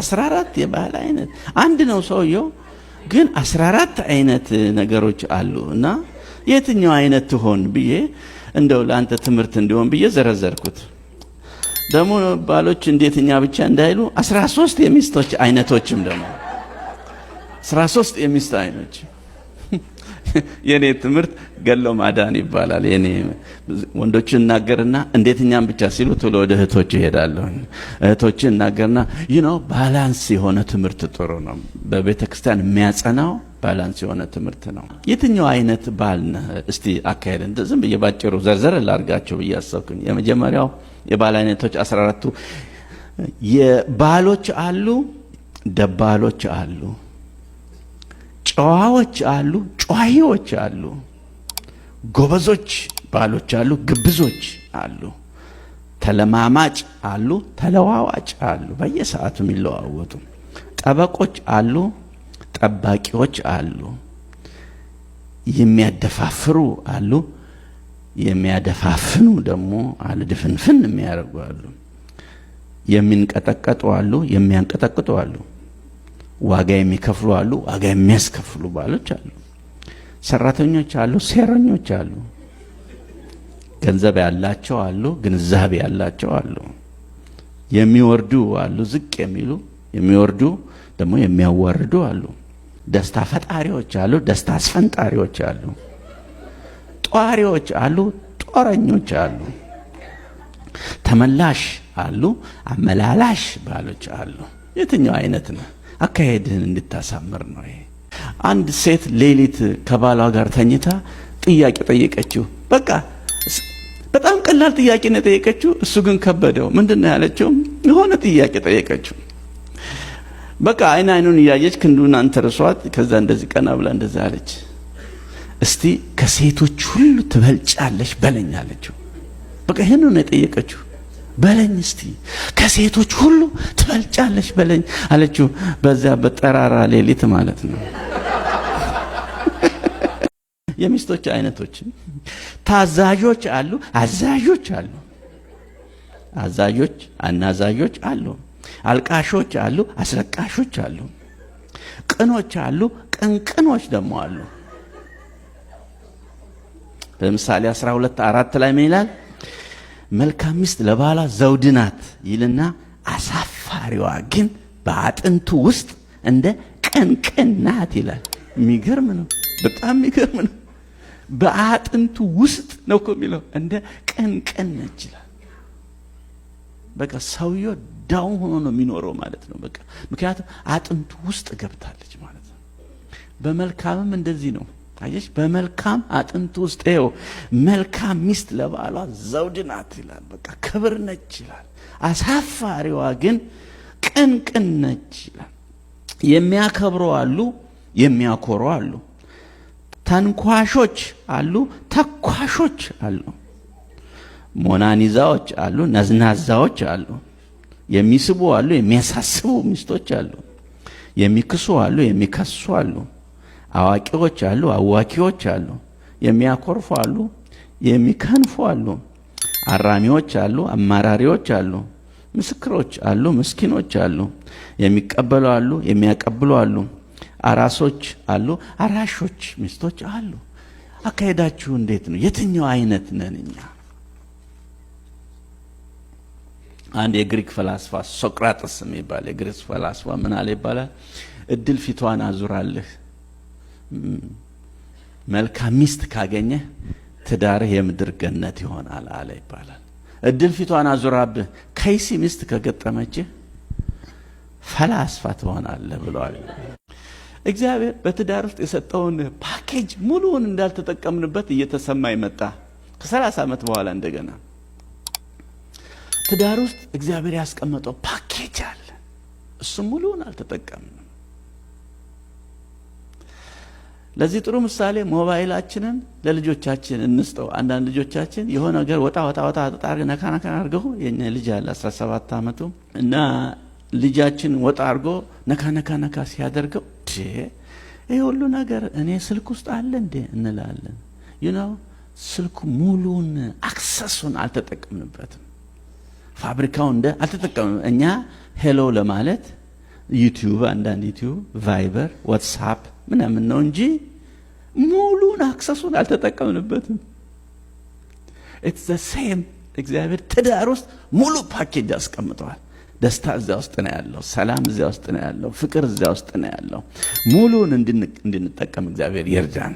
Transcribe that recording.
አስራ አራት የባህል አይነት አንድ ነው ሰውየው፣ ግን አስራ አራት አይነት ነገሮች አሉ እና የትኛው አይነት ትሆን ብዬ እንደው ለአንተ ትምህርት እንዲሆን ብዬ ዘረዘርኩት። ደግሞ ባሎች እንዴት እኛ ብቻ እንዳይሉ አስራ ሶስት የሚስቶች አይነቶችም ደግሞ አስራ ሶስት የሚስት አይነቶች የኔ ትምህርት ገሎ ማዳን ይባላል። የኔ ወንዶች እናገርና እንዴት እኛም ብቻ ሲሉ ቶሎ ወደ እህቶች ይሄዳለሁ። እህቶች እናገርና ይኖ ባላንስ የሆነ ትምህርት ጥሩ ነው። በቤተ ክርስቲያን የሚያጸናው ባላንስ የሆነ ትምህርት ነው። የትኛው አይነት ባል ነህ? እስቲ አካሄድ ዝም ብዬ ባጭሩ ዘርዘር ላርጋቸው ብዬ አሰብኩኝ። የመጀመሪያው የባል አይነቶች አስራ አራቱ የባሎች አሉ፣ ደባሎች አሉ ጨዋዎች አሉ፣ ጨዋሂዎች አሉ፣ ጎበዞች ባሎች አሉ፣ ግብዞች አሉ፣ ተለማማጭ አሉ፣ ተለዋዋጭ አሉ፣ በየሰዓቱ የሚለዋወጡ ጠበቆች አሉ፣ ጠባቂዎች አሉ፣ የሚያደፋፍሩ አሉ፣ የሚያደፋፍኑ ደግሞ አለ፣ ድፍንፍን የሚያደርጉ አሉ፣ የሚንቀጠቀጡ አሉ፣ የሚያንቀጠቅጡ አሉ። ዋጋ የሚከፍሉ አሉ፣ ዋጋ የሚያስከፍሉ ባሎች አሉ፣ ሰራተኞች አሉ፣ ሴረኞች አሉ፣ ገንዘብ ያላቸው አሉ፣ ግንዛቤ ያላቸው አሉ፣ የሚወርዱ አሉ፣ ዝቅ የሚሉ የሚወርዱ ደግሞ የሚያዋርዱ አሉ፣ ደስታ ፈጣሪዎች አሉ፣ ደስታ አስፈንጣሪዎች አሉ፣ ጧሪዎች አሉ፣ ጦረኞች አሉ፣ ተመላሽ አሉ፣ አመላላሽ ባሎች አሉ። የትኛው አይነት ነው? አካሄድህን እንድታሳምር ነው። ይሄ አንድ ሴት ሌሊት ከባሏ ጋር ተኝታ ጥያቄ ጠየቀችው። በቃ በጣም ቀላል ጥያቄ ነው የጠየቀችው። እሱ ግን ከበደው። ምንድን ነው ያለችው? የሆነ ጥያቄ ጠየቀችው። በቃ አይን አይኑን እያየች ክንዱን አንተርሷት። ከዛ እንደዚህ ቀና ብላ እንደዛ አለች። እስቲ ከሴቶች ሁሉ ትበልጫለሽ በለኝ አለችው። በቃ ይህን ነው የጠየቀችው። በለኝ እስቲ ከሴቶች ሁሉ ትበልጫለሽ በለኝ አለችው። በዚያ በጠራራ ሌሊት ማለት ነው። የሚስቶች አይነቶች ታዛዦች አሉ፣ አዛዦች አሉ፣ አዛዦች አናዛዦች አሉ፣ አልቃሾች አሉ፣ አስለቃሾች አሉ፣ ቅኖች አሉ፣ ቅንቅኖች ደግሞ አሉ። ለምሳሌ 12 አራት ላይ ምን ይላል? መልካም ሚስት ለባሏ ዘውድ ናት ይልና አሳፋሪዋ ግን በአጥንቱ ውስጥ እንደ ቅንቅን ናት ይላል። የሚገርም ነው፣ በጣም የሚገርም ነው። በአጥንቱ ውስጥ ነው እኮ የሚለው እንደ ቅንቅን ነች ይላል። በቃ ሰውየው ዳውን ሆኖ ነው የሚኖረው ማለት ነው። በቃ ምክንያቱም አጥንቱ ውስጥ ገብታለች ማለት ነው። በመልካምም እንደዚህ ነው። አየሽ፣ በመልካም አጥንት ውስጥ ይኸው መልካም ሚስት ለባሏ ዘውድ ናት ይላል። በቃ ክብር ነች ይላል። አሳፋሪዋ ግን ቅንቅን ነች ይላል። የሚያከብሩ አሉ፣ የሚያኮሩ አሉ፣ ተንኳሾች አሉ፣ ተኳሾች አሉ፣ ሞናኒዛዎች አሉ፣ ነዝናዛዎች አሉ፣ የሚስቡ አሉ፣ የሚያሳስቡ ሚስቶች አሉ፣ የሚክሱ አሉ፣ የሚከሱ አሉ አዋቂዎች አሉ፣ አዋኪዎች አሉ፣ የሚያኮርፉ አሉ፣ የሚከንፉ አሉ፣ አራሚዎች አሉ፣ አማራሪዎች አሉ፣ ምስክሮች አሉ፣ ምስኪኖች አሉ፣ የሚቀበሉ አሉ፣ የሚያቀብሉ አሉ፣ አራሶች አሉ፣ አራሾች ሚስቶች አሉ። አካሄዳችሁ እንዴት ነው? የትኛው አይነት ነን እኛ? አንድ የግሪክ ፈላስፋ ሶቅራጥስ የሚባል የግሪክ ፈላስፋ ምን አለ ይባላል? እድል ፊቷን አዙራልህ መልካም ሚስት ካገኘ ትዳርህ የምድር ገነት ይሆናል አለ ይባላል። እድል ፊቷን አዙራብህ ከይሲ ሚስት ከገጠመችህ ፈላስፋ ትሆናለህ ብለዋል። እግዚአብሔር በትዳር ውስጥ የሰጠውን ፓኬጅ ሙሉውን እንዳልተጠቀምንበት እየተሰማ ይመጣ ከሰላሳ ዓመት በኋላ እንደገና ትዳር ውስጥ እግዚአብሔር ያስቀመጠው ፓኬጅ አለ። እሱም ሙሉውን አልተጠቀምንም። ለዚህ ጥሩ ምሳሌ ሞባይላችንን ለልጆቻችን እንስጠው። አንዳንድ ልጆቻችን የሆነ ነገር ወጣ ወጣ ወጣ አድርገው ነካ ነካ አድርገው የኛ ልጅ አለ 17 ዓመቱ እና ልጃችን ወጣ አድርጎ ነካ ነካ ነካ ሲያደርገው ይህ ሁሉ ነገር እኔ ስልክ ውስጥ አለ እንዴ እንላለን። ዩ ዩነው ስልኩ ሙሉን አክሰሱን አልተጠቀምንበትም። ፋብሪካው እንደ አልተጠቀምንም እኛ ሄሎ ለማለት ዩቲዩብ፣ አንዳንድ ዩቲዩብ፣ ቫይበር፣ ዋትሳፕ ምናምን ነው እንጂ ሙሉን አክሰሱን አልተጠቀምንበትም። ኢትስ ዘ ሴም እግዚአብሔር ትዳር ውስጥ ሙሉ ፓኬጅ አስቀምጠዋል። ደስታ እዚያ ውስጥ ነው ያለው። ሰላም እዚያ ውስጥ ነው ያለው። ፍቅር እዚያ ውስጥ ነው ያለው። ሙሉን እንድንጠቀም እግዚአብሔር ይርዳን።